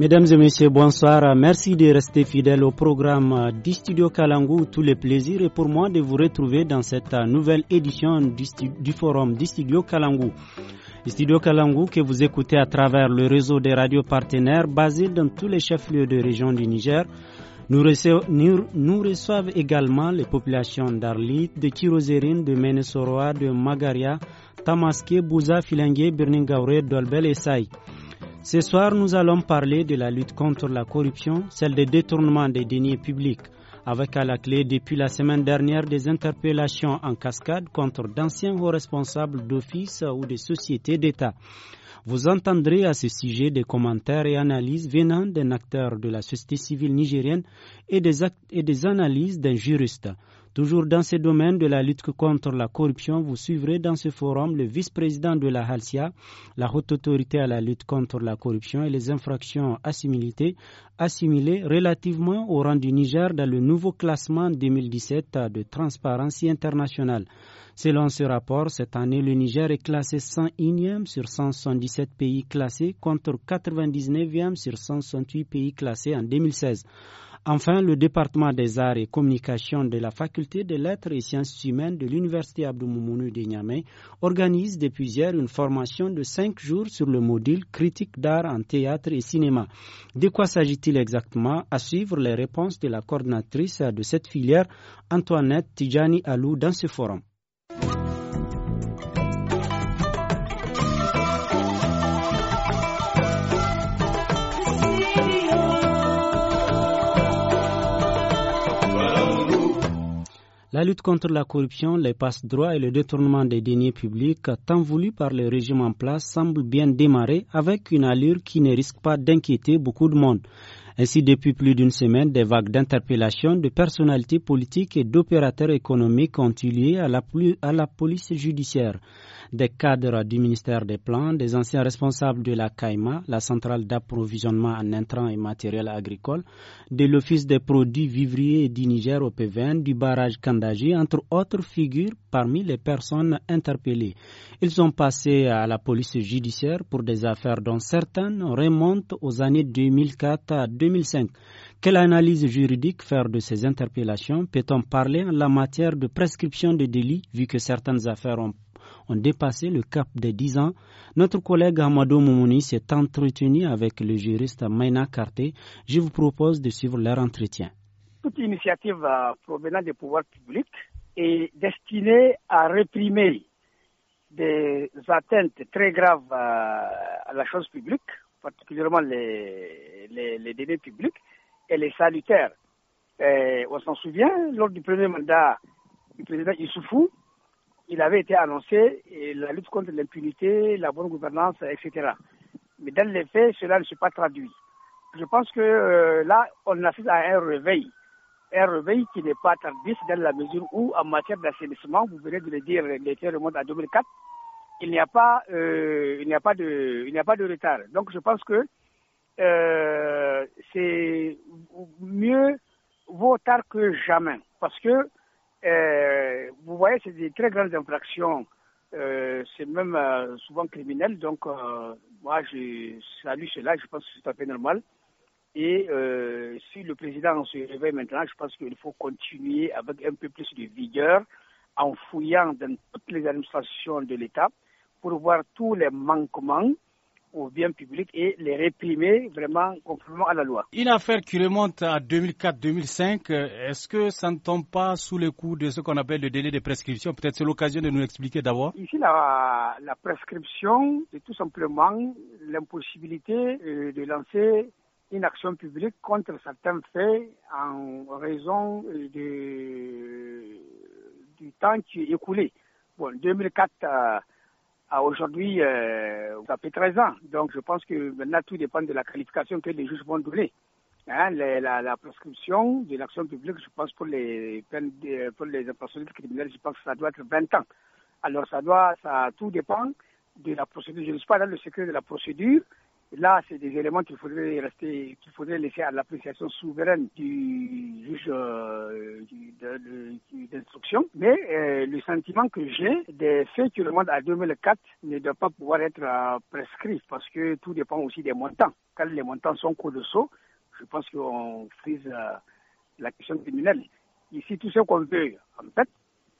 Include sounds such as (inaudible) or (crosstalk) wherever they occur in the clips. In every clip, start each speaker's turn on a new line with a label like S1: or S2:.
S1: Mesdames et messieurs, bonsoir. Merci de rester fidèles au programme d'Istudio Studio Kalangou. Tous les plaisirs et pour moi de vous retrouver dans cette nouvelle édition du, forum d'Istudio Studio Kalangou. studio Kalangou que vous écoutez à travers le réseau des radios partenaires basés dans tous les chefs-lieux de région du Niger. Nous, reçoivent, également les populations d'Arlit, de Kirozerine, de Menesoroa, de Magaria, Tamaské, Bouza, Filangué, Birningaure, Dolbel et Saï. Ce soir, nous allons parler de la lutte contre la corruption, celle des détournements des deniers publics, avec à la clé depuis la semaine dernière des interpellations en cascade contre d'anciens hauts responsables d'office ou de sociétés d'État. Vous entendrez à ce sujet des commentaires et analyses venant d'un acteur de la société civile nigérienne et des analyses d'un juriste. Toujours dans ce domaine de la lutte contre la corruption, vous suivrez dans ce forum le vice-président de la HALCIA, la haute autorité à la lutte contre la corruption et les infractions assimilées, relativement au rang du Niger dans le nouveau classement 2017 de transparence internationale. Selon ce rapport, cette année, le Niger est classé 101e sur 177 pays classés contre 99e sur 168 pays classés en 2016. Enfin, le département des arts et communications de la faculté des lettres et sciences humaines de l'université Moumounou de Niamey organise depuis hier une formation de cinq jours sur le module critique d'art en théâtre et cinéma. De quoi s'agit-il exactement À suivre les réponses de la coordinatrice de cette filière, Antoinette Tijani Alou, dans ce forum. La lutte contre la corruption, les passe-droits et le détournement des deniers publics, tant voulu par le régime en place, semble bien démarrer avec une allure qui ne risque pas d'inquiéter beaucoup de monde. Ainsi, depuis plus d'une semaine, des vagues d'interpellations de personnalités politiques et d'opérateurs économiques ont eu lieu à la police judiciaire des cadres du ministère des Plans, des anciens responsables de la CAIMA, la centrale d'approvisionnement en intrants et matériel agricole, de l'Office des produits vivriers du Niger au PVN, du barrage Kandaji, entre autres figures parmi les personnes interpellées. Ils ont passé à la police judiciaire pour des affaires dont certaines remontent aux années 2004 à 2005. Quelle analyse juridique faire de ces interpellations Peut-on parler en la matière de prescription de délits, vu que certaines affaires ont ont dépassé le cap des 10 ans, notre collègue Amadou Moumouni s'est entretenu avec le juriste Maina Karté. Je vous propose de suivre leur entretien.
S2: Toute initiative euh, provenant des pouvoirs publics est destinée à réprimer des atteintes très graves euh, à la chose publique, particulièrement les, les, délais publics, et les salutaires. on s'en souvient, lors du premier mandat du président Issoufou, il avait été annoncé, la lutte contre l'impunité, la bonne gouvernance, etc. Mais dans les faits, cela ne s'est pas traduit. Je pense que euh, là, on assiste à un réveil. Un réveil qui n'est pas tardif dans la mesure où, en matière d'assainissement, vous venez de le dire, l'été remonte à 2004, il n'y a pas, euh, il n'y a pas de, il n'y a pas de retard. Donc, je pense que euh, c'est mieux vaut tard que jamais, parce que euh, vous voyez, c'est des très grandes infractions. Euh, c'est même euh, souvent criminel. Donc, moi, je salue cela. Je pense que c'est tout à fait normal. Et si le président se réveille maintenant, je pense qu'il faut continuer avec un peu plus de vigueur en fouillant dans toutes les administrations de l'État pour voir tous les manquements au bien public et les réprimer vraiment conformément à la loi.
S3: Une affaire qui remonte à 2004-2005, euh, est-ce que ça ne tombe pas sous le coup de ce qu'on appelle le délai de prescription Peut-être c'est l'occasion de nous expliquer d'abord.
S2: Ici, la, la prescription, c'est tout simplement l'impossibilité euh, de lancer une action publique contre certains faits en raison euh, de, du temps qui est écoulé. Bon, 2004 aujourd'hui, euh, ça fait 13 ans. Donc je pense que maintenant tout dépend de la qualification que les juges vont donner. Hein, la, prescription de l'action publique, je pense pour les peines, pour les infractions criminelles, je pense que ça doit être 20 ans. Alors ça doit, ça tout dépend de la procédure. Je ne suis pas dans le secret de la procédure, Là, c'est des éléments qu'il faudrait rester, qu'il faudrait laisser à l'appréciation souveraine du juge euh, d'instruction. Mais euh, le sentiment que j'ai des faits qui remontent à 2004 ne doit pas pouvoir être euh, prescrit parce que tout dépend aussi des montants. Quand les montants sont colossaux, je pense qu'on frise la question criminelle. Ici, tout ce qu'on veut, en fait,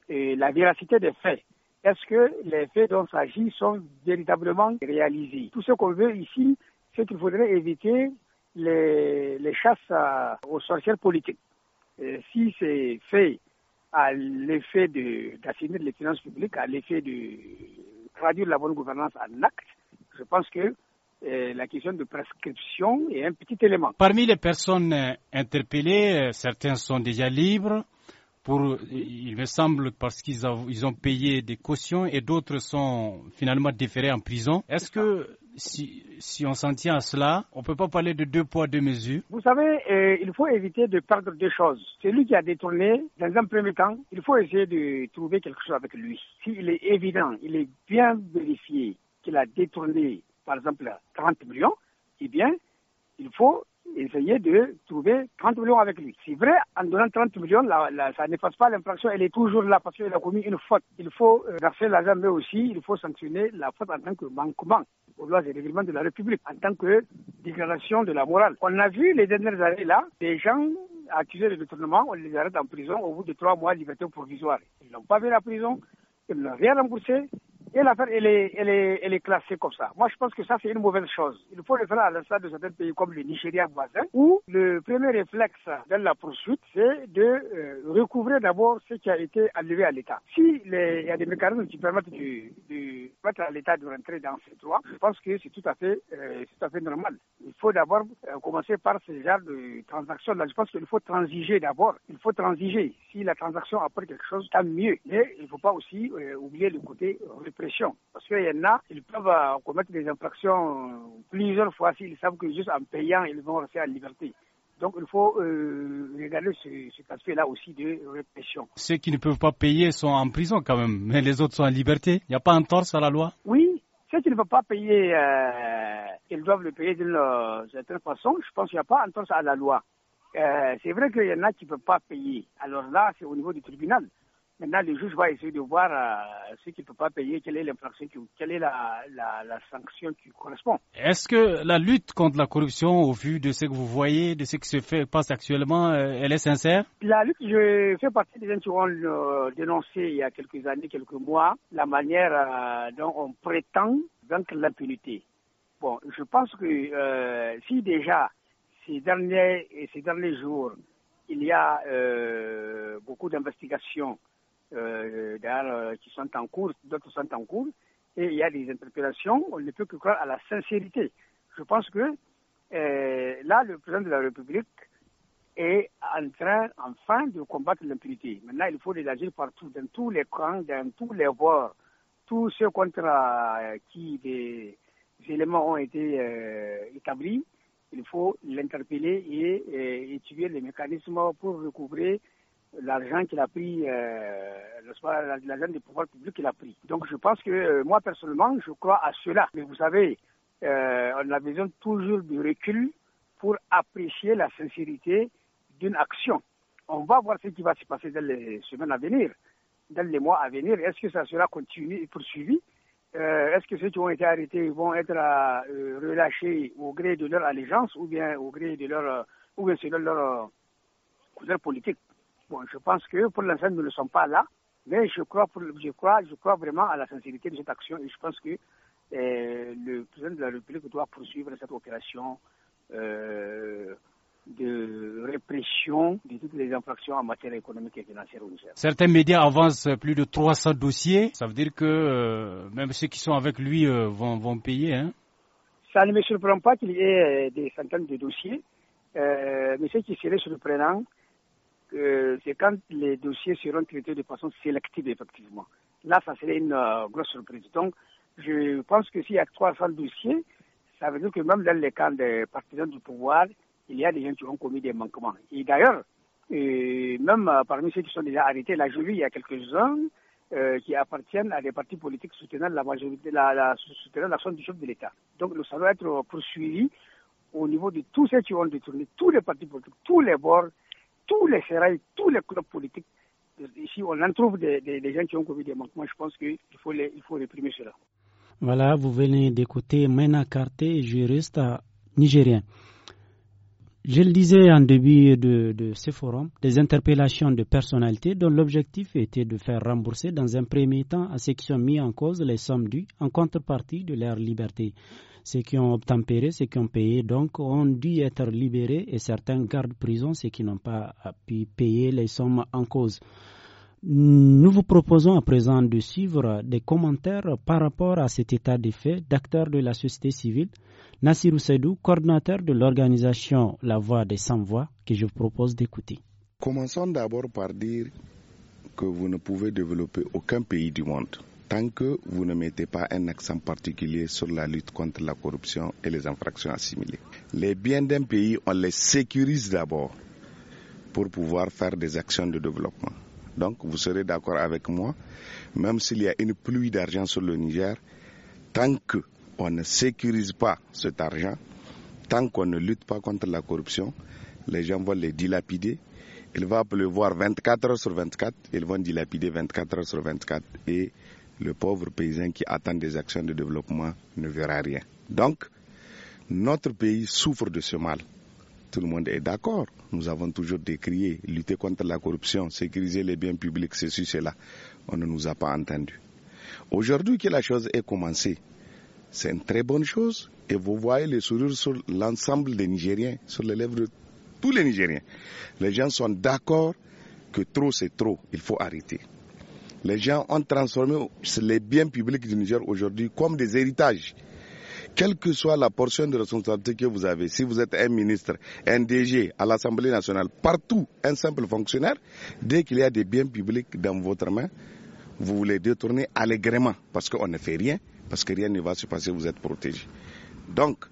S2: et la véracité des faits est-ce que les faits dont s'agit sont véritablement réalisés Tout ce qu'on veut ici, c'est qu'il faudrait éviter les, chasses aux sorcières politiques. si c'est fait à l'effet d'assainir les finances publiques, à l'effet de traduire la bonne gouvernance en actes, je pense que eh, la question de prescription est un petit élément. Parmi
S3: les personnes euh, interpellées, euh, certains sont déjà libres pour, il me semble, parce qu'ils ils ont payé des cautions et d'autres sont finalement déférés en prison. Est-ce que si, on s'en tient à cela, on ne peut pas parler de deux poids, deux mesures
S2: Vous savez, euh, il faut éviter de perdre deux choses. Celui qui a détourné, dans un premier temps, il faut essayer de trouver quelque chose avec lui. S'il est évident, il est bien vérifié qu'il a détourné, par exemple, 30 millions, eh bien, il faut essayer de trouver 30 millions avec lui. C'est vrai, en donnant 30 millions, ça ne ça n'efface pas l'infraction, elle est toujours là parce qu'elle a commis une faute. Il faut euh, verser l'argent, mais aussi il faut sanctionner la faute en tant que manquement aux lois et règlements de la République, en tant que dégradation de la morale. On a vu les dernières années là, des gens accusés de détournement, on les arrête en prison au bout de trois mois de liberté provisoire. Ils n'ont pas vu la prison, ils n'ont rien remboursé, et l'affaire, elle est, elle, est, elle est classée comme ça. Moi, je pense que ça, c'est une mauvaise chose. Il faut le faire à l'instar de certains pays comme le Nigeria voisin, où le premier réflexe dans la poursuite, c'est de euh, recouvrir d'abord ce qui a été enlevé à l'État. Si il y a des mécanismes qui permettent de, de mettre à l'État de rentrer dans ces droits, je pense que c'est tout à fait, euh, tout à fait normal. Il faut d'abord euh, commencer par ce genre de transaction. Là, je pense qu'il faut transiger d'abord. Il faut transiger. Si la transaction apporte quelque chose, tant mieux. Mais il ne faut pas aussi euh, oublier le côté parce qu'il y en a, ils peuvent euh, commettre des infractions euh, plusieurs fois s'ils savent que juste en payant, ils vont rester en liberté. Donc il faut euh, regarder ce, cas aspect-là aussi de répression.
S3: Ceux qui ne peuvent pas payer sont en prison quand même, (laughs) mais les autres sont en liberté. Il n'y a pas un torse à la loi
S2: Oui, ceux qui ne peuvent pas payer, euh, ils doivent le payer d'une certaine façon. Je pense qu'il n'y a pas un torse à la loi. c'est vrai qu'il y en a qui ne peuvent pas payer. Alors là, c'est au niveau du tribunal. Maintenant, le juge va essayer de voir euh, ce qu'il ne peut pas payer, quelle est l'infraction, quelle est la, sanction qui correspond.
S3: Est-ce que la lutte contre la corruption, au vu de ce que vous voyez, de ce qui se fait, passe actuellement, euh, elle est sincère
S2: La lutte, je fais partie des gens qui ont euh, dénoncé il y a quelques années, quelques mois, la manière dont on prétend vaincre l'impunité. Bon, je pense que si déjà ces derniers, ces derniers jours, il y a beaucoup d'investigations euh, euh, qui sont en cours, d'autres sont en cours, et il y a des interpellations, on ne peut que croire à la sincérité. Je pense que euh, là, le président de la République est en train, enfin, de combattre l'impunité. Maintenant, il faut agir partout, dans tous les camps, dans tous les bords. Tous ceux contre euh, qui des éléments ont été établis, il faut l'interpeller et, et étudier les mécanismes pour recouvrer l'argent qu'il a pris, euh, l'argent des pouvoirs publics qu'il a pris. Donc je pense que euh, moi personnellement, je crois à cela. Mais vous savez, euh, on a besoin toujours du recul pour apprécier la sincérité d'une action. On va voir ce qui va se passer dans les semaines à venir, dans les mois à venir. Est-ce que ça sera continué et poursuivi euh, Est-ce que ceux qui ont été arrêtés vont être euh, relâchés au gré de leur allégeance ou bien au gré de leur, ou bien selon leur couleur politique Bon, je pense que pour l'instant, nous ne sommes pas là, mais je crois, crois, je crois vraiment à la sincérité de cette action et je pense que euh, le président de la République doit poursuivre cette opération euh, de répression de toutes les infractions en matière économique et financière
S3: Certains médias avancent plus de 300 dossiers. Ça veut dire que euh, même ceux qui sont avec lui vont, vont, payer.
S2: Hein. Ça ne me surprend pas qu'il y ait des centaines de dossiers. mais ce qui serait surprenant, c'est quand les dossiers seront traités de façon sélective, effectivement. Là, ça serait une euh, grosse surprise. Donc, je pense que s'il y a 300 dossiers, ça veut dire que même dans les camps des partisans du pouvoir, il y a des gens qui ont commis des manquements. Et d'ailleurs, euh, même euh, parmi ceux qui sont déjà arrêtés, là, je il y a quelques-uns qui appartiennent à des partis politiques soutenant la majorité, la, la soutenant l'action du chef de l'État. Donc, ça doit être poursuivi au niveau de tous ceux qui ont détourné tous les partis politiques, tous les bords, tous les serrailles, tous les clubs politiques, ici on en trouve des, gens qui ont commis des manquements, je pense qu'il faut, faut réprimer cela.
S1: Voilà, vous venez d'écouter Mena Karte, juriste nigérien. Je le disais en début de, ce forum, des interpellations de personnalités dont l'objectif était de faire rembourser dans un premier temps à ceux qui sont mis en cause les sommes dues en contrepartie de leur liberté. Ceux qui ont obtempéré, ceux qui ont payé, donc, ont dû être libérés et certains gardent prison, ceux qui n'ont pas pu payer les sommes en cause. Nous vous proposons à présent de suivre des commentaires par rapport à cet état des faits d'acteurs de la société civile. Nassir Oussedou, coordinateur de l'organisation La Voix des Sans-Voix, que je vous propose d'écouter.
S4: Commençons d'abord par dire que vous ne pouvez développer aucun pays du monde tant que vous ne mettez pas un accent particulier sur la lutte contre la corruption et les infractions assimilées. Les biens d'un pays, on les sécurise d'abord pour pouvoir faire des actions de développement. Donc vous serez d'accord avec moi, même s'il y a une pluie d'argent sur le Niger, tant qu'on ne sécurise pas cet argent, tant qu'on ne lutte pas contre la corruption, les gens vont les dilapider. Il va pleuvoir 24 heures sur 24, ils vont dilapider 24 heures sur 24 et le pauvre paysan qui attend des actions de développement ne verra rien. Donc, notre pays souffre de ce mal. Tout le monde est d'accord. Nous avons toujours décrié lutter contre la corruption, sécuriser les biens publics, ceci, cela. On ne nous a pas entendus. Aujourd'hui que la chose est commencée, c'est une très bonne chose et vous voyez les sourires sur l'ensemble des Nigériens, sur les lèvres de tous les Nigériens. Les gens sont d'accord que trop c'est trop, il faut arrêter. Les gens ont transformé les biens publics du Niger aujourd'hui comme des héritages. Quelle que soit la portion de responsabilité que vous avez, si vous êtes un ministre, un DG à l'Assemblée nationale, partout, un simple fonctionnaire, dès qu'il y a des biens publics dans votre main, vous voulez détourner allègrement parce qu'on ne fait rien, parce que rien ne va se passer, vous êtes protégé. Donc,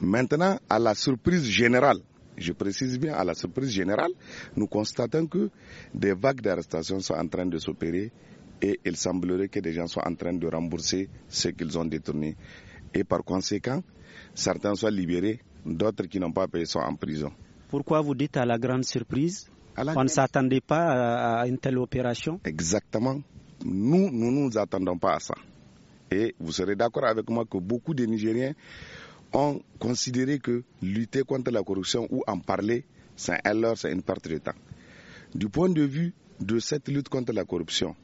S4: maintenant, à la surprise générale, je précise bien, à la surprise générale, nous constatons que des vagues d'arrestations sont en train de s'opérer et il semblerait que des gens soient en train de rembourser ce qu'ils ont détourné. Et par conséquent, certains soient libérés, d'autres qui n'ont pas payé sont en prison. Pourquoi vous dites
S1: à la grande surprise On ne s'attendait pas à une telle opération
S4: Exactement. Nous, nous ne nous attendons pas à ça. Et vous serez d'accord avec moi que beaucoup de Nigériens ont considéré que lutter contre la corruption ou en parler, c'est un c'est une perte de temps. Du point de vue de cette lutte contre la corruption,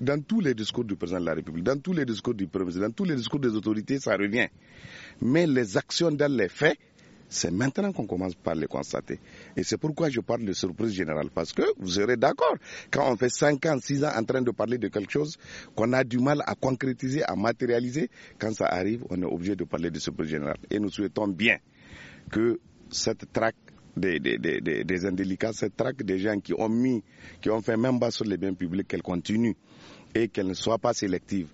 S4: dans tous les discours du président de la République, dans tous les discours du Premier dans tous les discours des autorités, ça revient. Mais les actions dans les faits, c'est maintenant qu'on commence par les constater. Et c'est pourquoi je parle de surprise générale, parce que vous serez d'accord, quand on fait 5 ans, 6 ans en train de parler de quelque chose qu'on a du mal à concrétiser, à matérialiser, quand ça arrive, on est obligé de parler de surprise générale. Et nous souhaitons bien que cette traque des, des, indélicats, cette traque des gens qui ont mis, qui ont fait même bas sur les biens publics, qu'elle continue et qu'elle ne soit pas sélective.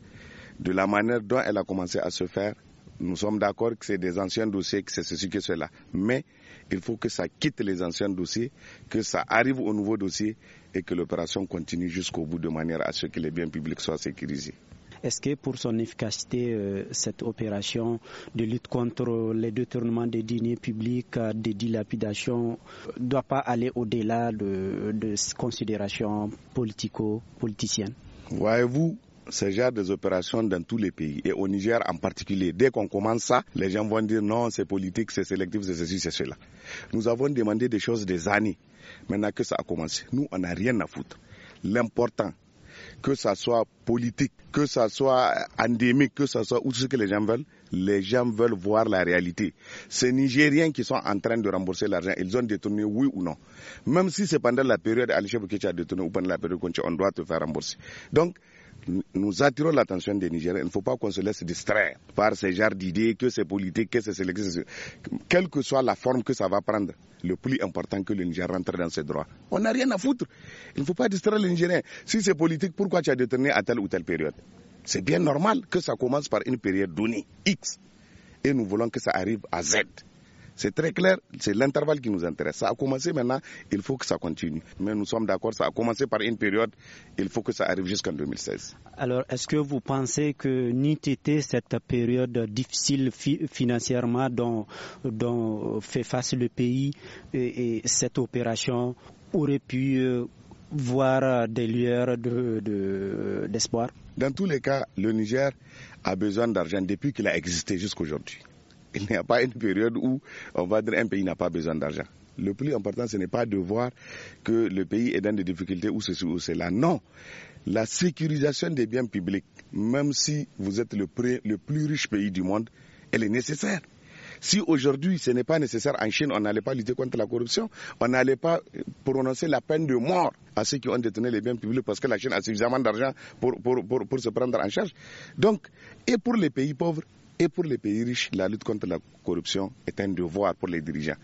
S4: De la manière dont elle a commencé à se faire, nous sommes d'accord que c'est des anciens dossiers, que c'est ceci, que cela. Mais il faut que ça quitte les anciens dossiers, que ça arrive au nouveau dossier et que l'opération continue jusqu'au bout de manière à ce que les biens publics soient sécurisés.
S1: Est-ce que pour son efficacité, euh, cette opération de lutte contre les détournements des deniers publics, euh, des dilapidations, ne doit pas aller au-delà de, de considérations politico-politiciennes
S4: Voyez-vous, ce genre des opérations dans tous les pays et au Niger en particulier. Dès qu'on commence ça, les gens vont dire non, c'est politique, c'est sélectif, c'est ceci, c'est cela. Nous avons demandé des choses des années. Maintenant que ça a commencé, nous, on n'a rien à foutre. L'important, que ça soit politique, que ça soit endémique, que ça soit où ce que les gens veulent, les gens veulent voir la réalité. Ces Nigériens qui sont en train de rembourser l'argent, ils ont détourné, oui ou non. Même si c'est pendant la période que tu a détourné ou pendant la période qu'on doit te faire rembourser. Donc, nous attirons l'attention des Nigériens. Il ne faut pas qu'on se laisse distraire par ces genre d'idées, que c'est politique, que c'est sélection. Quelle que soit la forme que ça va prendre, le plus important que le Niger rentre dans ses droits. On n'a rien à foutre. Il ne faut pas distraire les Nigériens. Si c'est politique, pourquoi tu as détourné à telle ou telle période c'est bien normal que ça commence par une période donnée, X, et nous voulons que ça arrive à Z. C'est très clair, c'est l'intervalle qui nous intéresse. Ça a commencé maintenant, il faut que ça continue. Mais nous sommes d'accord, ça a commencé par une période, il faut que ça arrive jusqu'en 2016.
S1: Alors, est-ce que vous pensez que n'eût été cette période difficile financièrement dont, fait face le pays et, cette opération aurait pu euh, voir euh, des lueurs
S4: d'espoir de, Dans tous les cas, le Niger a besoin d'argent depuis qu'il a existé jusqu'à aujourd'hui. Il n'y a pas une période où on va dire un pays n'a pas besoin d'argent. Le plus important, ce n'est pas de voir que le pays est dans des difficultés ou ceci ou cela. Non. La sécurisation des biens publics, même si vous êtes le, le plus riche pays du monde, elle est nécessaire. Si aujourd'hui ce n'est pas nécessaire en Chine, on n'allait pas lutter contre la corruption, on n'allait pas prononcer la peine de mort à ceux qui ont détenu les biens publics parce que la Chine a suffisamment d'argent pour, pour se prendre en charge. Donc, et pour les pays pauvres, et pour les pays riches, la lutte contre la corruption est un devoir pour les dirigeants.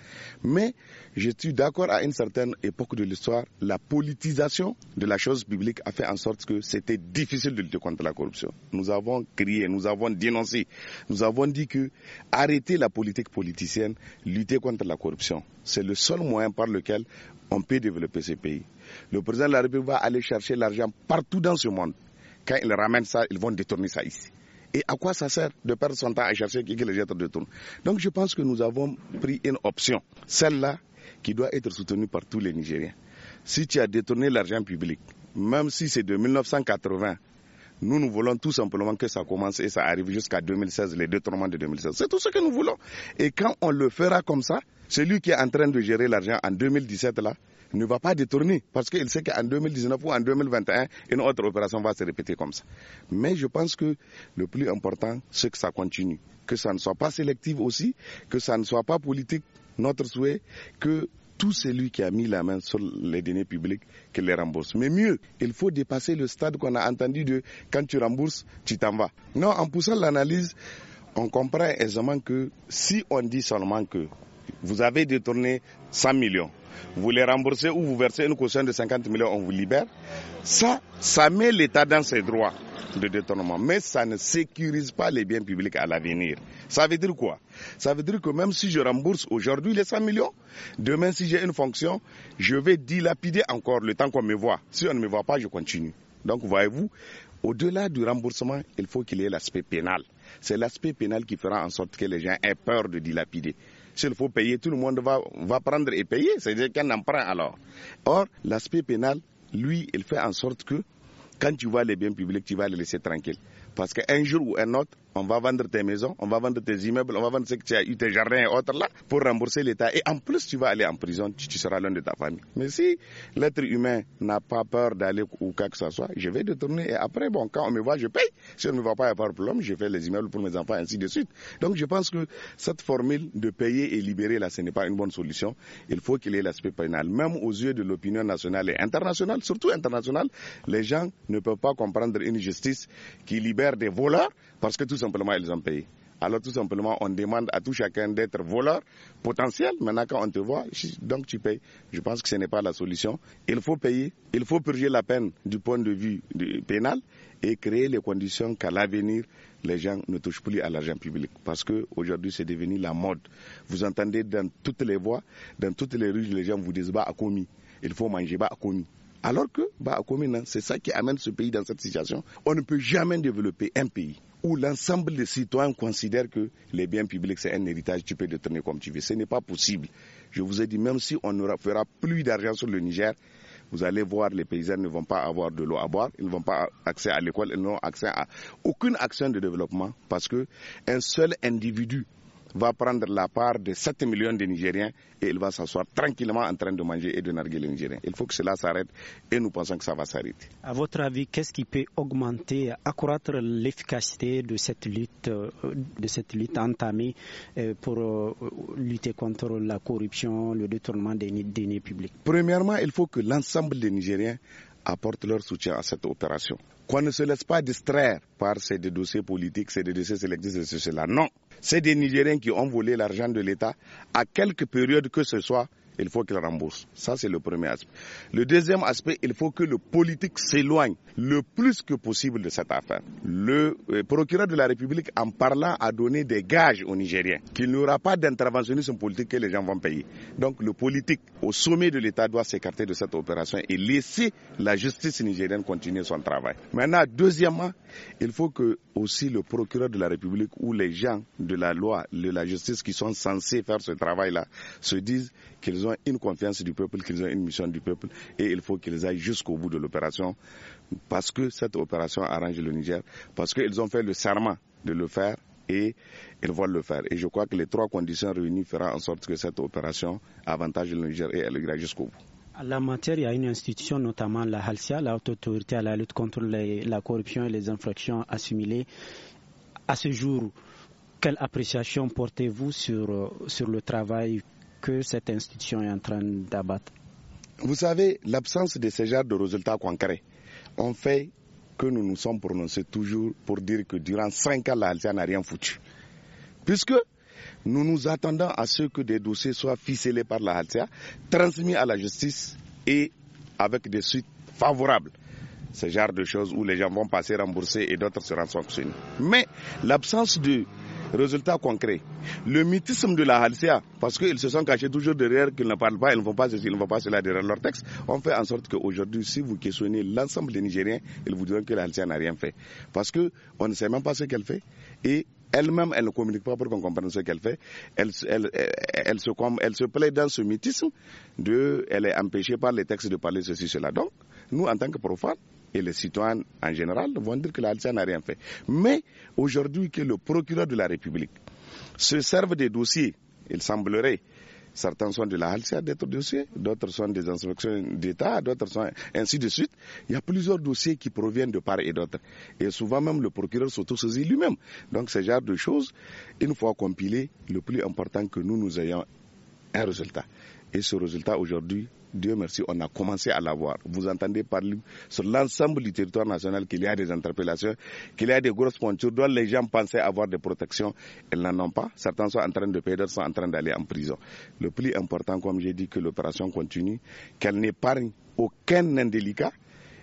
S4: Mais je suis d'accord à une certaine époque de l'histoire, la politisation de la chose publique a fait en sorte que c'était difficile de lutter contre la corruption. Nous avons crié, nous avons dénoncé, nous avons dit que arrêter la politique politicienne, lutter contre la corruption, c'est le seul moyen par lequel on peut développer ces pays. Le président de la République va aller chercher l'argent partout dans ce monde. Quand il ramène ça, ils vont détourner ça ici. Et à quoi ça sert de perdre son temps à chercher qui, les jette de Donc je pense que nous avons pris une option, celle-là qui doit être soutenue par tous les Nigériens. Si tu as détourné l'argent public, même si c'est de 1980, nous, nous voulons tout simplement que ça commence et ça arrive jusqu'à 2016, les détournements de 2016. C'est tout ce que nous voulons. Et quand on le fera comme ça, celui qui est en train de gérer l'argent en 2017 là ne va pas détourner parce qu'il sait qu'en 2019 ou en 2021, une autre opération va se répéter comme ça. Mais je pense que le plus important, c'est que ça continue, que ça ne soit pas sélectif aussi, que ça ne soit pas politique. Notre souhait, que tout celui qui a mis la main sur les deniers publics qu'il les rembourse. Mais mieux, il faut dépasser le stade qu'on a entendu de quand tu rembourses, tu t'en vas. Non, en poussant l'analyse, on comprend aisément que si on dit seulement que vous avez détourné 100 millions. Vous les remboursez ou vous versez une caution de 50 millions, on vous libère. Ça, ça met l'État dans ses droits de détournement, mais ça ne sécurise pas les biens publics à l'avenir. Ça veut dire quoi Ça veut dire que même si je rembourse aujourd'hui les 100 millions, demain si j'ai une fonction, je vais dilapider encore le temps qu'on me voit. Si on ne me voit pas, je continue. Donc voyez-vous, au-delà du remboursement, il faut qu'il y ait l'aspect pénal. C'est l'aspect pénal qui fera en sorte que les gens aient peur de dilapider il faut payer, tout le monde va, va prendre et payer. C'est-à-dire qu'on en alors. Or, l'aspect pénal, lui, il fait en sorte que quand tu vois les biens publics, tu vas les laisser tranquilles. Parce qu'un jour ou un autre, on va vendre tes maisons, on va vendre tes immeubles, on va vendre ce que tu as eu, tes jardins et autres là, pour rembourser l'État. Et en plus, tu vas aller en prison, tu, seras l'un de ta famille. Mais si l'être humain n'a pas peur d'aller où que ce soit, je vais détourner. Et après, bon, quand on me voit, je paye. Si on ne me voit pas, il n'y a pas de problème, je fais les immeubles pour mes enfants, ainsi de suite. Donc, je pense que cette formule de payer et libérer, là, ce n'est pas une bonne solution. Il faut qu'il y ait l'aspect pénal. Même aux yeux de l'opinion nationale et internationale, surtout internationale, les gens ne peuvent pas comprendre une justice qui libère des voleurs parce que tout simplement, ils ont payé. Alors tout simplement, on demande à tout chacun d'être voleur potentiel. Maintenant, quand on te voit, donc tu payes. Je pense que ce n'est pas la solution. Il faut payer, il faut purger la peine du point de vue pénal et créer les conditions qu'à l'avenir, les gens ne touchent plus à l'argent public. Parce qu'aujourd'hui, c'est devenu la mode. Vous entendez dans toutes les voies, dans toutes les rues, les gens vous disent « bah, à commis, il faut manger, bah, à commis ». Alors que, bah, à commis, c'est ça qui amène ce pays dans cette situation. On ne peut jamais développer un pays où l'ensemble des citoyens considèrent que les biens publics, c'est un héritage, tu peux le tenir comme tu veux. Ce n'est pas possible. Je vous ai dit, même si on ne fera plus d'argent sur le Niger, vous allez voir, les paysans ne vont pas avoir de l'eau à boire, ils ne vont pas accès à l'école, ils n'ont accès à aucune action de développement parce que un seul individu va prendre la part de 7 millions de Nigériens et il va s'asseoir tranquillement en train de manger et de narguer les Nigériens. Il faut que cela s'arrête et nous pensons que ça va s'arrêter.
S1: À votre avis, qu'est-ce qui peut augmenter, accroître l'efficacité de cette lutte, euh, de cette lutte entamée euh, pour euh, lutter contre la corruption, le détournement des deniers publics
S4: Premièrement, il faut que l'ensemble des Nigériens apportent leur soutien à cette opération. Qu'on ne se laisse pas distraire par ces dossiers politiques, ces dossiers sélectifs, ceci, cela. Non, c'est des Nigériens qui ont volé l'argent de l'État à quelque période que ce soit il faut qu'il rembourse. Ça, c'est le premier aspect. Le deuxième aspect, il faut que le politique s'éloigne le plus que possible de cette affaire. Le euh, procureur de la République, en parlant, a donné des gages aux Nigériens qu'il n'y aura pas d'interventionnisme politique que les gens vont payer. Donc, le politique, au sommet de l'État, doit s'écarter de cette opération et laisser la justice nigérienne continuer son travail. Maintenant, deuxièmement, il faut que aussi le procureur de la République ou les gens de la loi, de la justice qui sont censés faire ce travail-là, se disent qu'ils une confiance du peuple, qu'ils ont une mission du peuple et il faut qu'ils aillent jusqu'au bout de l'opération parce que cette opération arrange le Niger, parce qu'ils ont fait le serment de le faire et ils vont le faire. Et je crois que les trois conditions réunies feront en sorte que cette opération avantage le Niger et elle ira jusqu'au bout.
S1: À la matière, il y a une institution, notamment la HALSIA, la Haute Autorité à la lutte contre la corruption et les infractions assimilées. À ce jour, quelle appréciation portez-vous sur, euh, sur le travail que cette institution est en train d'abattre
S4: Vous savez, l'absence de ce genre de résultats concrets ont fait que nous nous sommes prononcés toujours pour dire que durant cinq ans, l'Alsace n'a rien foutu. Puisque nous nous attendons à ce que des dossiers soient ficelés par la Haltia, transmis à la justice et avec des suites favorables. Ce genre de choses où les gens vont passer remboursés et d'autres seront sanctionnés. Mais l'absence de Résultat concret. Le mythisme de la Halcia, parce qu'ils se sont cachés toujours derrière qu'ils ne parlent pas, ils ne font pas ceci, ils ne font pas cela derrière leur texte, on fait en sorte qu'aujourd'hui, si vous questionnez l'ensemble des Nigériens, ils vous diront que la Halcia n'a rien fait. Parce qu'on ne sait même pas ce qu'elle fait et elle-même, elle ne communique pas pour qu'on comprenne ce qu'elle fait. Elle, se, plaît dans ce mythisme de, elle est empêchée par les textes de parler ceci, cela. Donc, nous, en tant que profanes, et les citoyens en général vont dire que l'Algérie n'a rien fait. Mais aujourd'hui que le procureur de la République se serve des dossiers, il semblerait, certains sont de la d'autres dossiers, d'autres sont des instructions d'État, d'autres sont ainsi de suite. Il y a plusieurs dossiers qui proviennent de part et d'autre. Et souvent même le procureur s'autosaisit lui-même. Donc ce genre de choses, une fois compilées, le plus important que nous, nous ayons un résultat. Et ce résultat aujourd'hui, Dieu merci, on a commencé à l'avoir. Vous entendez parler sur l'ensemble du territoire national qu'il y a des interpellations, qu'il y a des grosses pointures dont les gens pensaient avoir des protections. Elles n'en ont pas. Certains sont en train de payer, sont en train d'aller en prison. Le plus important, comme j'ai dit, que l'opération continue, qu'elle n'épargne aucun indélicat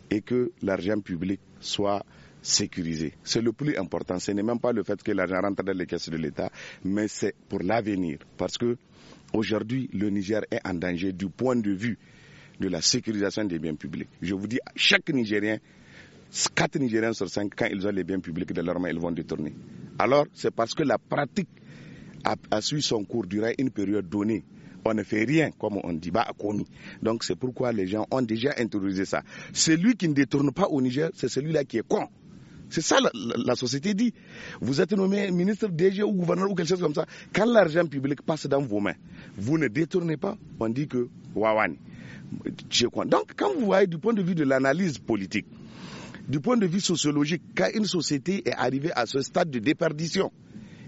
S4: et que l'argent public soit sécurisé. C'est le plus important. Ce n'est même pas le fait que l'argent rentre dans les caisses de l'État, mais c'est pour l'avenir. Parce que aujourd'hui, le Niger est en danger du point de vue de la sécurisation des biens publics. Je vous dis, chaque Nigérien, 4 Nigériens sur 5, quand ils ont les biens publics de leur mains, ils vont détourner. Alors, c'est parce que la pratique a, a son cours durant une période donnée on ne fait rien, comme on dit, bah, commis. Donc c'est pourquoi les gens ont déjà intériorisé ça. Celui qui ne détourne pas au Niger, c'est celui-là qui est con. C'est ça la, société dit. Vous êtes nommé ministre DG ou gouverneur ou quelque chose comme ça. Quand l'argent public passe dans vos mains, vous ne détournez pas, on dit que Wawani. Donc quand vous voyez du point de vue de l'analyse politique, du point de vue sociologique, quand une société est arrivée à ce stade de déperdition,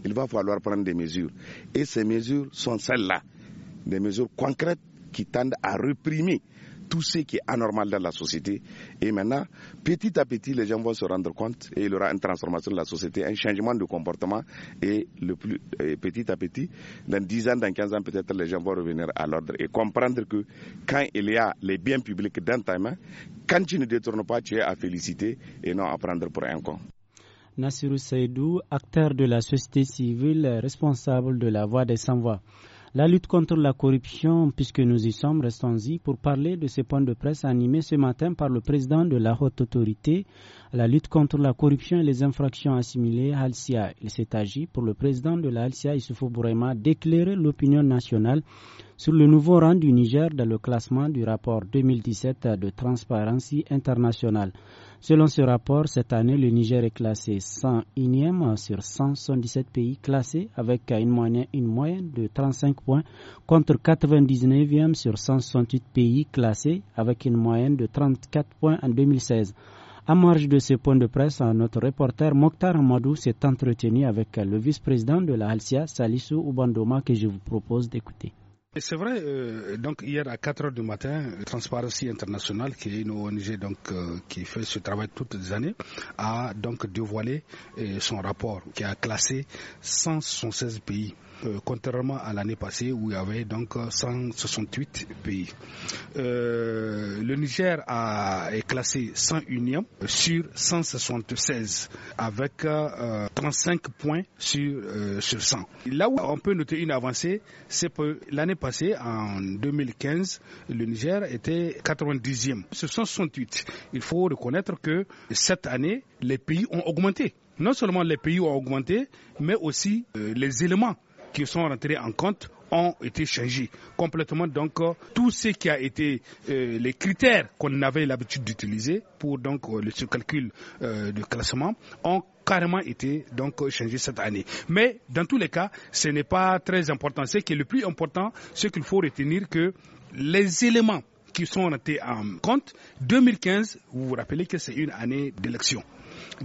S4: il va falloir prendre des mesures. Et ces mesures sont celles-là des mesures concrètes qui tendent à réprimer tout ce qui est anormal dans la société. Et maintenant, petit à petit, les gens vont se rendre compte et il y aura une transformation de la société, un changement de comportement. Et, petit à petit, dans 10 ans, dans 15 ans, peut-être les gens vont revenir à l'ordre et comprendre que quand il y a les biens publics dans ta main, quand tu ne détournes pas, tu es à féliciter et non à prendre pour un con.
S1: Nassirou Saïdou, acteur de la société civile, responsable de la voix des sans-voix. La lutte contre la corruption, puisque nous y sommes, restons-y pour parler de ce point de presse animé ce matin par le président de la haute autorité, la lutte contre la corruption et les infractions assimilées à Alcia. Il s'est agi pour le président de la Issoufou Bourema, d'éclairer l'opinion nationale sur le nouveau rang du Niger dans le classement du rapport 2017 de Transparency International. Selon ce rapport, cette année, le Niger est classé 101e sur 177 pays classés avec une moyenne, de 35 points contre 99e sur 168 pays classés avec une moyenne de 34 points en 2016. À marge de ce point de presse, notre reporter Mokhtar Amadou s'est entretenu avec le vice-président de la Halsia, Salissou Oubandoma, que je vous propose d'écouter
S5: c'est vrai, euh, donc hier à quatre heures du matin, Transparency International, qui est une ONG donc, euh, qui fait ce travail toutes les années, a donc dévoilé euh, son rapport qui a classé 176 pays euh, contrairement à l'année passée où il y avait donc 168 pays. Euh, le Niger a, est classé 101e sur 176 avec 35 euh, points sur, 100. Là où on peut noter une avancée, c'est que l'année passée, en 2015, le Niger était 90e sur 168. Il faut reconnaître que cette année, les pays ont augmenté non seulement les pays ont augmenté, mais aussi les éléments qui sont rentrés en compte ont été changés complètement. Donc, euh, tout ce qui a été euh, les critères qu'on avait l'habitude d'utiliser pour donc euh, le ce calcul du de classement ont carrément été donc changés cette année. Mais dans tous les cas, ce n'est pas très important. Ce qui est le plus important, c'est qu'il faut retenir que les éléments qui sont rentrés en compte, 2015, vous vous rappelez que c'est une année d'élection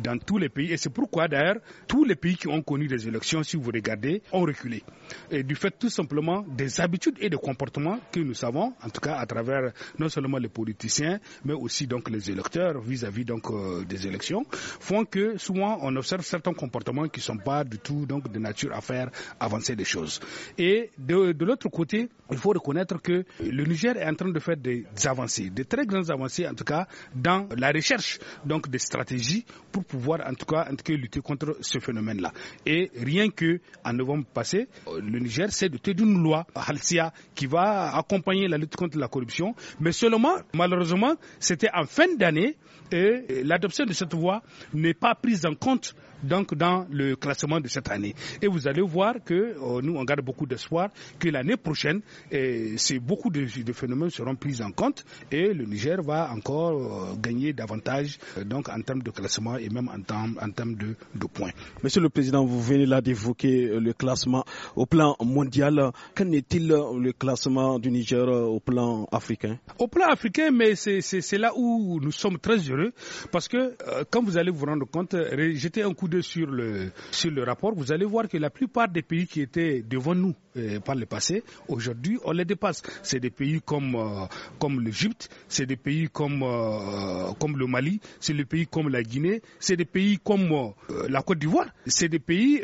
S5: dans tous les pays. Et c'est pourquoi d'ailleurs tous les pays qui ont connu des élections, si vous regardez, ont reculé. Et du fait tout simplement des habitudes et des comportements que nous savons, en tout cas à travers non seulement les politiciens, mais aussi donc les électeurs vis-à-vis donc euh, des élections, font que souvent on observe certains comportements qui ne sont pas du tout donc de nature à faire avancer des choses. Et de, de l'autre côté, il faut reconnaître que le Niger est en train de faire des avancées, des très grandes avancées en tout cas dans la recherche donc des stratégies pour pouvoir en tout cas, en tout cas lutter contre ce phénomène-là. Et rien que en novembre passé, euh, le Niger s'est doté d'une loi Halcia qui va accompagner la lutte contre la corruption, mais seulement malheureusement c'était en fin d'année et l'adoption de cette loi n'est pas prise en compte donc dans le classement de cette année. Et vous allez voir que euh, nous, on garde beaucoup d'espoir que l'année prochaine, euh, c'est beaucoup de, phénomènes seront pris en compte et le Niger va encore euh, gagner davantage donc en termes de classement et même en termes, en termes de, points.
S6: Monsieur le Président, vous venez là d'évoquer le classement au plan mondial. Qu'en est-il le classement du Niger au plan africain
S5: Au plan africain, mais c'est là où nous sommes très heureux parce que quand vous allez vous rendre compte, j'étais un coup de sur le, sur le rapport, vous allez voir que la plupart des pays qui étaient devant nous euh, par le passé, aujourd'hui, on les dépasse. C'est des pays comme, euh, comme l'Égypte, c'est des pays comme, euh, comme le Mali, c'est des pays comme la Guinée, c'est des pays comme la Côte d'Ivoire, c'est des pays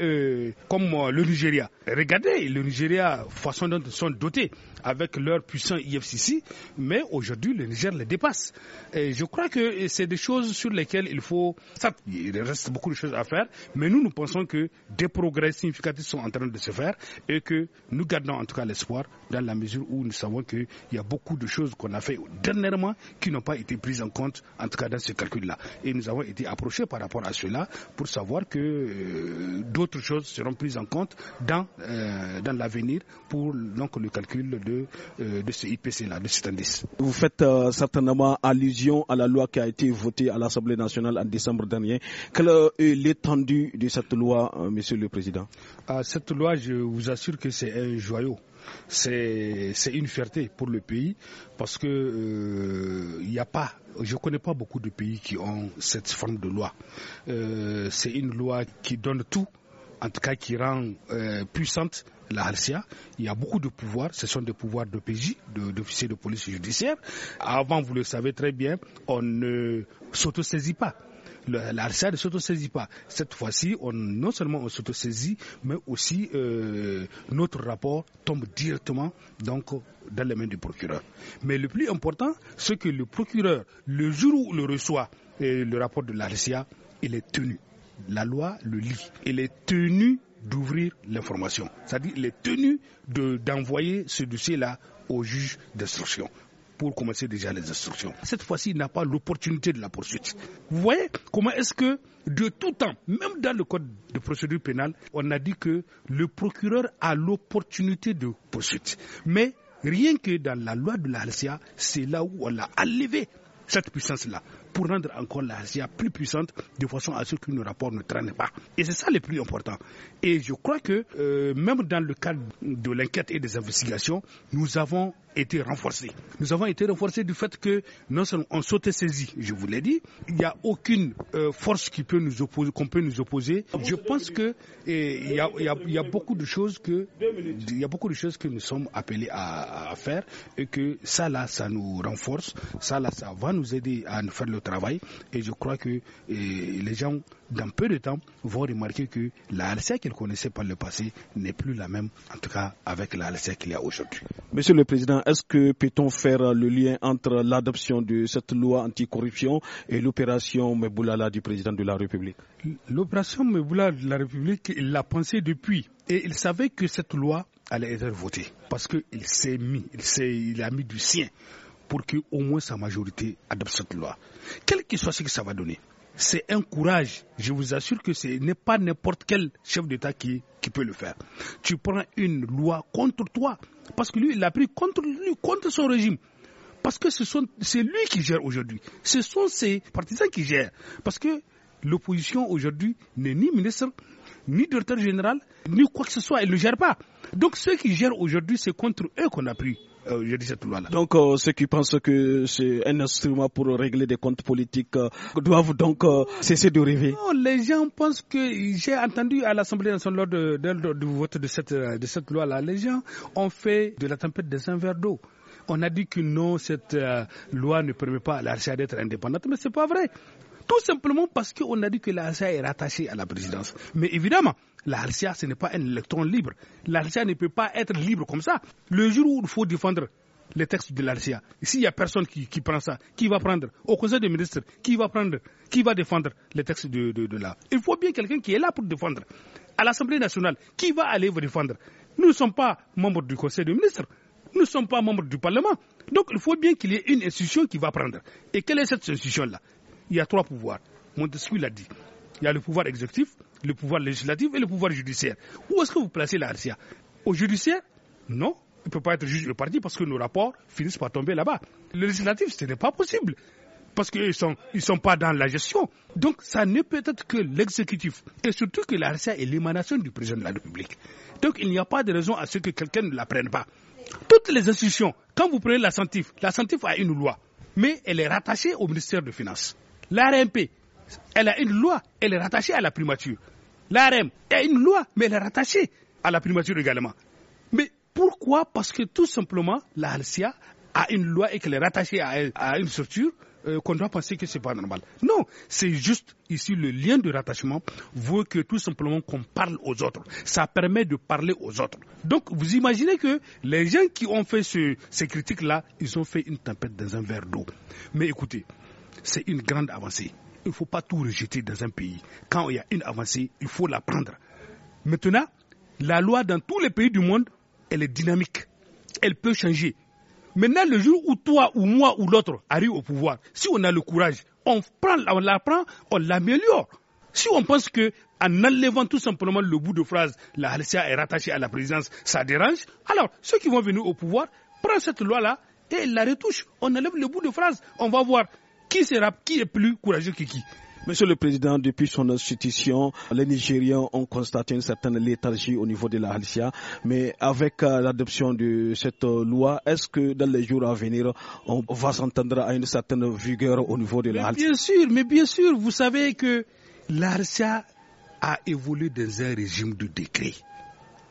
S5: comme le Nigeria. Regardez, le Nigeria, façon dont ils sont dotés avec leur puissant IFCC, mais aujourd'hui, le Niger les dépasse. Et je crois que c'est des choses sur lesquelles il faut... Ça, il reste beaucoup de choses à faire faire, mais nous, nous pensons que des progrès significatifs sont en train de se faire et que nous gardons en tout cas l'espoir dans la mesure où nous savons qu'il y a beaucoup de choses qu'on a fait dernièrement qui n'ont pas été prises en compte, en tout cas dans ce calcul-là. Et nous avons été approchés par rapport à cela pour savoir que euh, d'autres choses seront prises en compte dans, euh, dans l'avenir pour donc, le calcul de, euh, de ce IPC-là, de cet indice. Vous
S6: faites certainement allusion à la loi qui a été votée à l'Assemblée nationale en décembre dernier.
S5: que est l'étendue de cette loi, euh, Monsieur le Président ah, Cette loi, je vous assure que c'est un joyau. C'est une fierté pour le pays parce que euh, a pas, je ne connais pas beaucoup de pays qui ont cette forme de loi. Euh, c'est une loi qui donne tout, en tout cas qui rend puissante la RCA. Il y a beaucoup de pouvoirs, ce sont des pouvoirs de PJ, d'officiers de, de police judiciaire. Avant, vous le savez très bien, on ne s'autosaisit pas. RCA ne s'autosaisit pas. Cette fois-ci, on, non seulement on s'autosaisit, mais aussi euh, notre rapport tombe directement donc, dans les mains du procureur. Mais le plus important, c'est que le procureur, le jour où il reçoit le rapport de l'ARCIA, il est tenu. La loi le lit. Il est tenu d'ouvrir l'information. C'est-à-dire, il est tenu d'envoyer ce dossier-là au juge d'instruction pour commencer déjà les instructions. Cette fois-ci, il n'a pas l'opportunité de la poursuite. Vous voyez comment est-ce que, de tout temps, même dans le code de procédure pénale, on a dit que le procureur a l'opportunité de poursuite. Mais rien que dans la loi de la c'est là où on a enlevé cette puissance-là pour rendre encore la plus puissante de façon à ce que nos rapports ne traînent pas. Et c'est ça le plus important. Et je crois que euh, même dans le cadre de l'enquête et des investigations, nous avons été renforcés. Nous avons été renforcés du fait que non seulement on s'était saisi, je vous l'ai dit, il n'y a aucune euh, force qui peut nous opposer, qu'on peut nous opposer. Je pense que il y a, beaucoup de choses que il y a beaucoup de choses que nous sommes appelés à, à faire et que ça là, ça nous renforce, ça là, ça va nous aider à nous faire le travail. Et je crois que les gens, dans peu de temps, vont remarquer que la LCA qu'ils connaissaient par le passé n'est plus la même, en tout cas avec la LCA qu'il y a aujourd'hui.
S6: Monsieur le Président, est-ce que peut-on faire le lien entre l'adoption de cette loi anticorruption et l'opération Meboulala du Président de la République
S5: L'opération Meboulala de la République, il l'a pensée depuis. Et il savait que cette loi allait être votée. Parce qu'il s'est mis, il, il a mis du sien pour au moins sa majorité adopte cette loi. Quel que soit ce que ça va donner, c'est un courage. Je vous assure que ce n'est pas n'importe quel chef d'État qui, peut le faire. Tu prends une loi contre toi, parce que lui, il l'a pris contre lui, contre son régime. Parce que c'est lui qui gère aujourd'hui. Ce sont ses partisans qui gèrent. Parce que l'opposition aujourd'hui n'est ni ministre, ni directeur général, ni quoi que ce soit. Elle ne gère pas. Donc ceux qui gèrent aujourd'hui, c'est contre eux qu'on a pris euh,
S6: donc, euh, ceux qui pensent que c'est un instrument pour régler des comptes politiques euh, doivent donc cesser de rêver.
S5: Non, les gens pensent que j'ai entendu à l'Assemblée nationale lors de, du vote de cette, de cette loi-là, les gens ont fait de la tempête des un d'eau. On a dit que non, cette loi ne permet pas à l'Archa d'être indépendante, mais c'est pas vrai. Tout simplement parce qu'on a dit que l'Archa est rattachée à la présidence. Mais évidemment, la RCA, ce n'est pas un électron libre. La RCA ne peut pas être libre comme ça. Le jour où il faut défendre les textes de la l'Arcia. S'il n'y a personne qui, qui, prend ça, qui va prendre Au Conseil des ministres, qui va prendre Qui va défendre les textes de, de, de là Il faut bien quelqu'un qui est là pour défendre. À l'Assemblée nationale, qui va aller vous défendre Nous ne sommes pas membres du Conseil des ministres. Nous ne sommes pas membres du Parlement. Donc il faut bien qu'il y ait une institution qui va prendre. Et quelle est cette institution-là Il y a trois pouvoirs. Montesquieu l'a dit. Il y a le pouvoir exécutif, le pouvoir législatif et le pouvoir judiciaire. Où est-ce que vous placez la Au judiciaire Non, il ne peut pas être juge de parti parce que nos rapports finissent par tomber là-bas. Le législatif, ce n'est pas possible parce qu'ils ne sont, ils sont pas dans la gestion. Donc ça ne peut être que l'exécutif. Et surtout que la est l'émanation du président de la République. Donc il n'y a pas de raison à ce que quelqu'un ne la prenne pas. Toutes les institutions, quand vous prenez l'assentif, l'assentif a une loi, mais elle est rattachée au ministère des Finances. L'ARMP, elle a une loi, elle est rattachée à la primature. L'ARM a une loi, mais elle est rattachée à la primature également. Mais pourquoi Parce que tout simplement, la a une loi et qu'elle est rattachée à, une structure euh, qu'on doit penser que ce n'est pas normal. Non, c'est juste ici le lien de rattachement veut que tout simplement qu'on parle aux autres. Ça permet de parler aux autres. Donc vous imaginez que les gens qui ont fait ces critiques-là, ils ont fait une tempête dans un verre d'eau. Mais écoutez, c'est une grande avancée il ne faut pas tout rejeter dans un pays. Quand il y a une avancée, il faut la prendre. Maintenant, la loi dans tous les pays du monde, elle est dynamique. Elle peut changer. Maintenant, le jour où toi ou moi ou l'autre arrive au pouvoir, si on a le courage, on, prend, on la prend, on l'améliore. Si on pense que en enlevant tout simplement le bout de phrase, la Halcia est rattachée à la présidence, ça dérange, alors ceux qui vont venir au pouvoir prennent cette loi-là et la retouche, On enlève le bout de phrase. On va voir qui sera, qui est plus courageux que qui Monsieur le Président, depuis
S6: son institution, les Nigériens ont constaté une certaine léthargie au niveau de la Mais avec euh, l'adoption de cette euh, loi, est-ce que dans les jours à venir, on va s'entendre à une certaine vigueur au niveau de la
S5: Bien sûr, mais bien sûr, vous savez que la a évolué dans un régime de décret.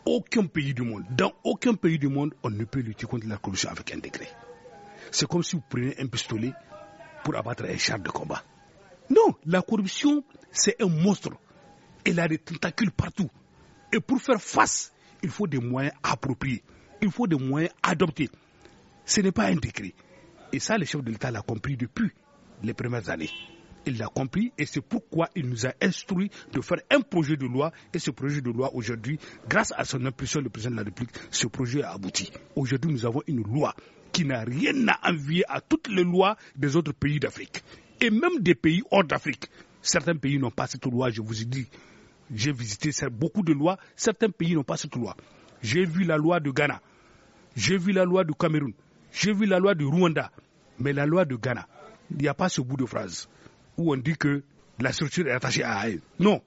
S5: Aucun pays du monde, dans aucun pays du monde, on ne peut lutter contre la corruption avec un décret. C'est comme si vous prenez un pistolet, pour abattre un char de combat. Non, la corruption, c'est un monstre. Elle a des tentacules partout. Et pour faire face, il faut des moyens appropriés. Il faut des moyens adoptés. Ce n'est pas un décret. Et ça, le chef de l'État l'a compris depuis les premières années. Il l'a compris et c'est pourquoi il nous a instruit de faire un projet de loi. Et ce projet de loi, aujourd'hui, grâce à son impulsion, le président de la République, ce projet a abouti. Aujourd'hui, nous avons une loi qui n'a rien à envier à toutes les lois des autres pays d'Afrique et même des pays hors d'Afrique. Certains pays n'ont pas cette loi, je vous ai dit. J'ai visité beaucoup de lois, certains pays n'ont pas cette loi. J'ai vu la loi de Ghana, j'ai vu la loi du Cameroun, j'ai vu la loi du Rwanda, mais la loi de Ghana, il n'y a pas ce bout de phrase où on dit que la structure est attachée à elle. Non,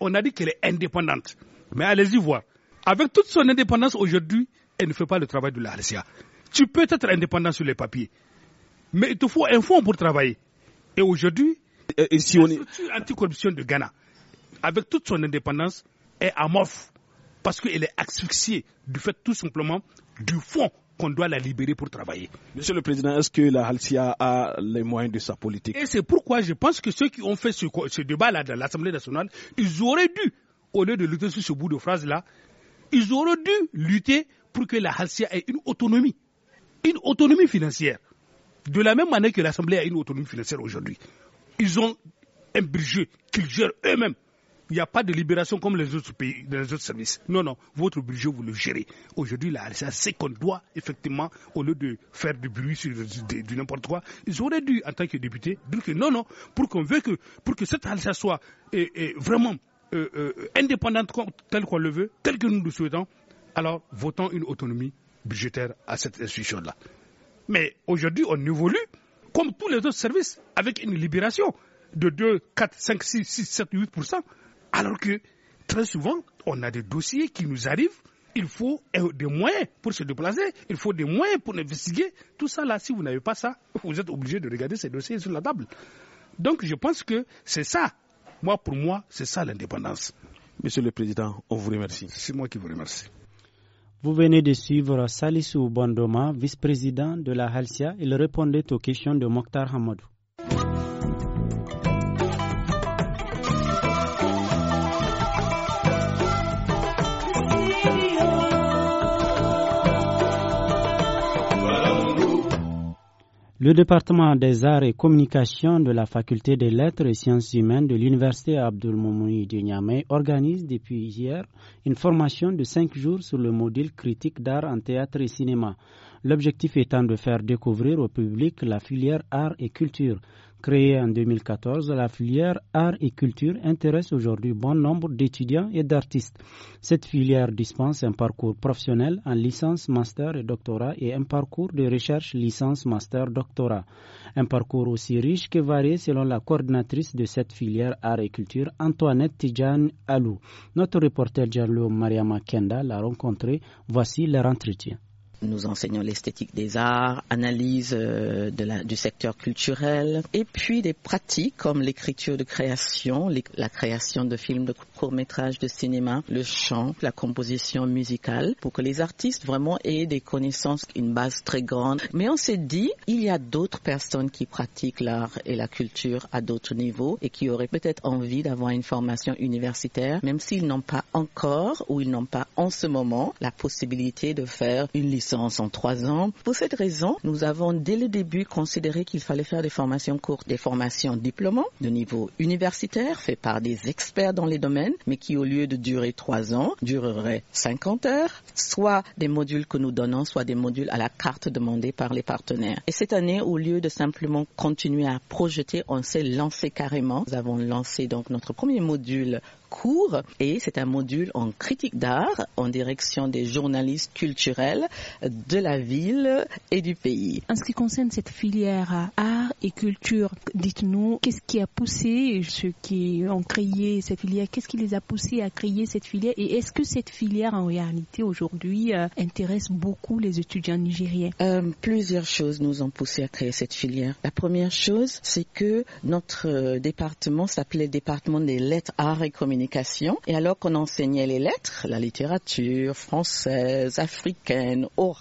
S5: on a dit qu'elle est indépendante. Mais allez-y voir. Avec toute son indépendance aujourd'hui, elle ne fait pas le travail de la RCA. Tu peux être indépendant sur les papiers, mais il te faut un fonds pour travailler. Et aujourd'hui, la on est... structure anticorruption de Ghana, avec toute son indépendance, est amorphe parce qu'elle est asphyxiée du fait tout simplement du fonds qu'on doit la libérer pour travailler.
S6: Monsieur le Président, est-ce que la Halcia a les moyens de sa politique
S5: Et c'est pourquoi je pense que ceux qui ont fait ce, ce débat-là dans l'Assemblée nationale, ils auraient dû, au lieu de lutter sur ce bout de phrase-là, ils auraient dû lutter pour que la Halcia ait une autonomie une autonomie financière. De la même manière que l'Assemblée a une autonomie financière aujourd'hui. Ils ont un budget qu'ils gèrent eux-mêmes. Il n'y a pas de libération comme les autres pays, les autres services. Non, non, votre budget, vous le gérez. Aujourd'hui, la RSA, c'est qu'on doit, effectivement, au lieu de faire du bruit sur du n'importe quoi, ils auraient dû, en tant que députés, dire que non, non, pour qu'on veut que, pour que cette RSA soit euh, euh, vraiment euh, indépendante tel qu'on le veut, tel que nous le souhaitons, alors votons une autonomie budgétaire à cette institution-là. Mais aujourd'hui, on évolue comme tous les autres services avec une libération de 2, 4, 5, 6, 6, 7, 8 alors que très souvent, on a des dossiers qui nous arrivent. Il faut des moyens pour se déplacer, il faut des moyens pour investiguer. Tout ça là, si vous n'avez pas ça, vous êtes obligé de regarder ces dossiers sur la table. Donc je pense que c'est ça. Moi, pour moi, c'est ça l'indépendance. Monsieur le Président, on vous remercie. C'est moi qui vous remercie.
S1: Vous venez de suivre Salisu Bondoma, vice-président de la Halsia. Il répondait aux questions de Mokhtar Hamadou. Le département des arts et communications de la faculté des lettres et sciences humaines de l'université Abdul Moumouni de Niamey organise depuis hier une formation de cinq jours sur le module critique d'art en théâtre et cinéma. L'objectif étant de faire découvrir au public la filière art et culture. Créée en 2014, la filière art et culture intéresse aujourd'hui bon nombre d'étudiants et d'artistes. Cette filière dispense un parcours professionnel en licence, master et doctorat et un parcours de recherche licence, master, doctorat. Un parcours aussi riche que varié selon la coordinatrice de cette filière art et culture, Antoinette Tijane Alou. Notre reporter Jalou Mariama Kenda l'a rencontré.
S7: Voici leur entretien nous enseignons l'esthétique des arts, analyse euh, de la, du secteur culturel, et puis des pratiques comme l'écriture de création, la création de films, de courts-métrages, de cinéma, le chant, la composition musicale, pour que les artistes vraiment aient des connaissances, une base très grande. Mais on s'est dit, il y a d'autres personnes qui pratiquent l'art et la culture à d'autres niveaux et qui auraient peut-être envie d'avoir une formation universitaire, même s'ils n'ont pas encore ou ils n'ont pas en ce moment la possibilité de faire une licence en trois ans. Pour cette raison, nous avons dès le début considéré qu'il fallait faire des formations courtes, des formations diplômantes de niveau universitaire, faites par des experts dans les domaines, mais qui au lieu de durer trois ans, dureraient 50 heures, soit des modules que nous donnons, soit des modules à la carte demandés par les partenaires. Et cette année, au lieu de simplement continuer à projeter, on s'est lancé carrément. Nous avons lancé donc notre premier module court, et c'est un module en critique d'art en direction des journalistes culturels de la ville et du pays. En ce qui concerne cette filière art et culture, dites-nous qu'est-ce qui a poussé ceux qui ont créé cette filière, qu'est-ce qui les a poussés à créer cette filière et est-ce que cette filière en réalité aujourd'hui euh, intéresse beaucoup les étudiants nigériens euh, Plusieurs choses nous ont poussé à créer cette filière. La première chose, c'est que notre département s'appelait département des lettres, arts et communication. Et alors qu'on enseignait les lettres, la littérature française, africaine, orale,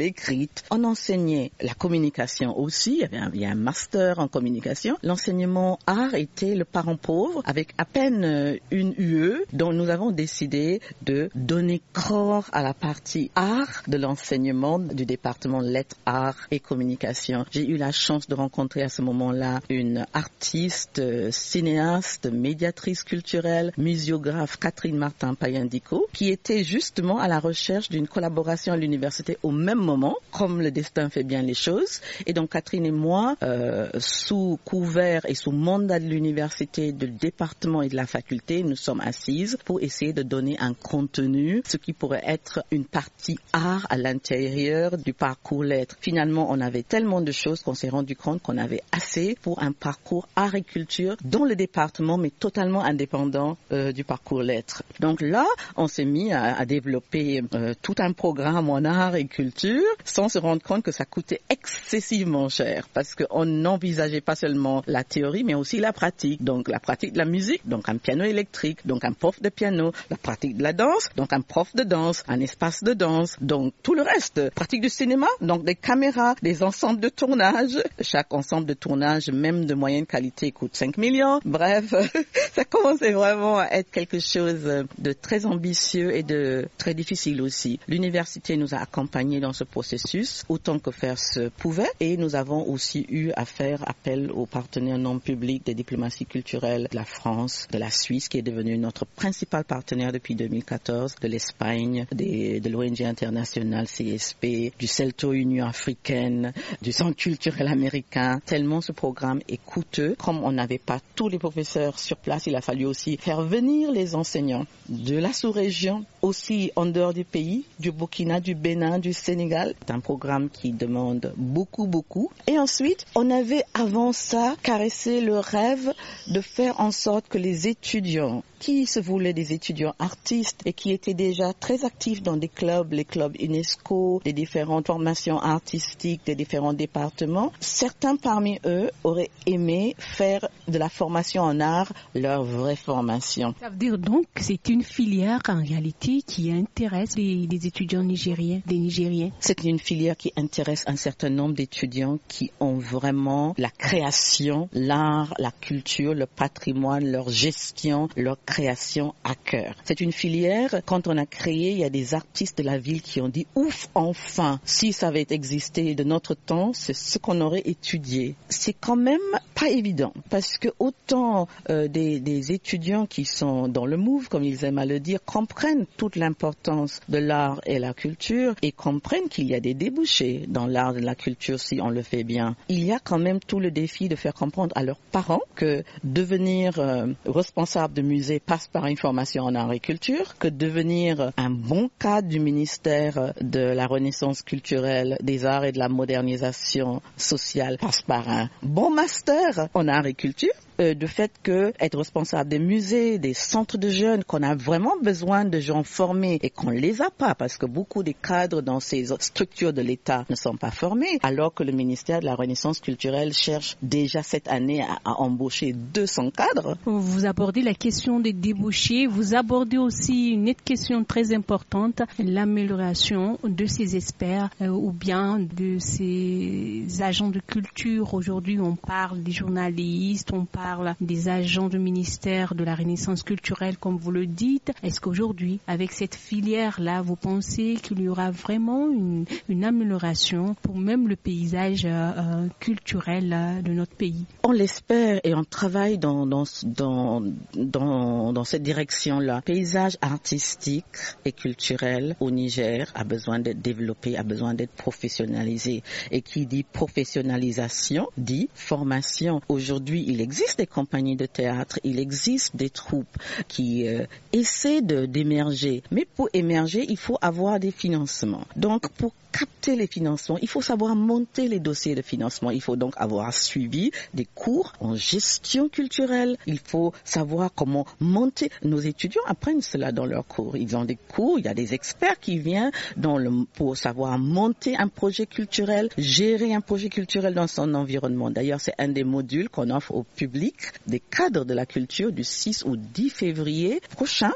S7: écrite. On enseignait la communication aussi, il y avait un, a un master en communication. L'enseignement art était le parent pauvre avec à peine euh, une UE dont nous avons décidé de donner corps à la partie art de l'enseignement du département lettres, arts et communication. J'ai eu la chance de rencontrer à ce moment-là une artiste, euh, cinéaste, médiatrice culturelle, muséographe Catherine Martin Payandico qui était justement à la recherche d'une collaboration à l'université au même moment, comme le destin fait bien les choses. Et donc Catherine et moi, euh, sous couvert et sous mandat de l'université, du département et de la faculté, nous sommes assises pour essayer de donner un contenu, ce qui pourrait être une partie art à l'intérieur du parcours lettres. Finalement, on avait tellement de choses qu'on s'est rendu compte qu'on avait assez pour un parcours art et culture dans le département, mais totalement indépendant euh, du parcours lettres. Donc là, on s'est mis à, développer euh, tout un programme en art culture sans se rendre compte que ça coûtait excessivement cher parce qu'on n'envisageait pas seulement la théorie mais aussi la pratique. Donc la pratique de la musique, donc un piano électrique, donc un prof de piano, la pratique de la danse, donc un prof de danse, un espace de danse, donc tout le reste. Pratique du cinéma, donc des caméras, des ensembles de tournage. Chaque ensemble de tournage, même de moyenne qualité, coûte 5 millions. Bref, (laughs) ça commençait vraiment à être quelque chose de très ambitieux et de très difficile aussi. L'université nous a accompagnés accompagner dans ce processus autant que faire se pouvait. Et nous avons aussi eu à faire appel aux partenaires non publics des diplomaties culturelles de la France, de la Suisse, qui est devenue notre principal partenaire depuis 2014, de l'Espagne, de l'ONG internationale CSP, du CELTO Union africaine, du Centre culturel américain. Tellement ce programme est coûteux. Comme on n'avait pas tous les professeurs sur place, il a fallu aussi faire venir les enseignants de la sous-région, aussi en dehors du pays, du Burkina, du Bénin, du Sénégal. C'est un programme qui demande beaucoup, beaucoup. Et ensuite, on avait avant ça caressé le rêve de faire en sorte que les étudiants qui se voulaient des étudiants artistes et qui étaient déjà très actifs dans des clubs, les clubs UNESCO, les différentes formations artistiques des différents départements. Certains parmi eux auraient aimé faire de la formation en art leur vraie formation. Ça veut dire donc que c'est une filière en réalité qui intéresse les, les étudiants nigériens, des nigérien C'est une filière qui intéresse un certain nombre d'étudiants qui ont vraiment la création, l'art, la culture, le patrimoine, leur gestion, leur création à cœur. C'est une filière, quand on a créé, il y a des artistes de la ville qui ont dit, ouf, enfin, si ça avait existé de notre temps, c'est ce qu'on aurait étudié. C'est quand même pas évident parce que autant euh, des, des étudiants qui sont dans le move, comme ils aiment à le dire, comprennent toute l'importance de l'art et la culture et comprennent qu'il y a des débouchés dans l'art, de la culture, si on le fait bien. Il y a quand même tout le défi de faire comprendre à leurs parents que devenir euh, responsable de musée passe par une formation en agriculture, que devenir un bon cadre du ministère euh, de la Renaissance culturelle, des arts et de la modernisation sociale passe par un bon master en agriculture euh, du fait que être responsable des musées, des centres de jeunes, qu'on a vraiment besoin de gens formés et qu'on les a pas parce que beaucoup des cadres dans ces structures de l'État ne sont pas formés, alors que le ministère de la Renaissance culturelle cherche déjà cette année à, embaucher 200 cadres. Vous abordez la question des débouchés, vous abordez aussi une autre question très importante, l'amélioration de ces experts euh, ou bien de ces agents de culture. Aujourd'hui, on parle des journalistes, on parle parle des agents du ministère de la Renaissance culturelle, comme vous le dites. Est-ce qu'aujourd'hui, avec cette filière-là, vous pensez qu'il y aura vraiment une, amélioration pour même le paysage euh, culturel euh, de notre pays On l'espère et on travaille dans, dans, dans, dans, dans cette direction-là. Paysage artistique et culturel au Niger a besoin d'être développé, a besoin d'être professionnalisé. Et qui dit professionnalisation dit formation. Aujourd'hui, il existe existe des compagnies de théâtre, il existe des troupes qui euh, essaient d'émerger. Mais pour émerger, il faut avoir des financements. Donc pour capter les financements, il faut savoir monter les dossiers de financement, il faut donc avoir suivi des cours en gestion culturelle, il faut savoir comment monter. Nos étudiants apprennent cela dans leurs cours. Ils ont des cours, il y a des experts qui viennent dans le, pour savoir monter un projet culturel, gérer un projet culturel dans son environnement. D'ailleurs, c'est un des modules qu'on offre au public des cadres de la culture du 6 au 10 février prochain.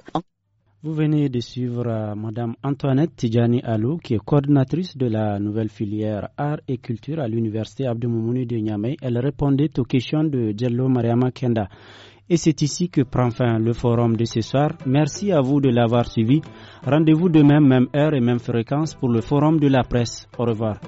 S1: Vous venez de suivre euh, Madame Antoinette Tijani Alou, qui est coordinatrice de la nouvelle filière Arts et Culture à l'Université Abdou de Niamey. Elle répondait aux questions de Diallo Mariama Kenda. Et c'est ici que prend fin le forum de ce soir. Merci à vous de l'avoir suivi. Rendez-vous demain, même heure et même fréquence pour le forum de la presse. Au revoir.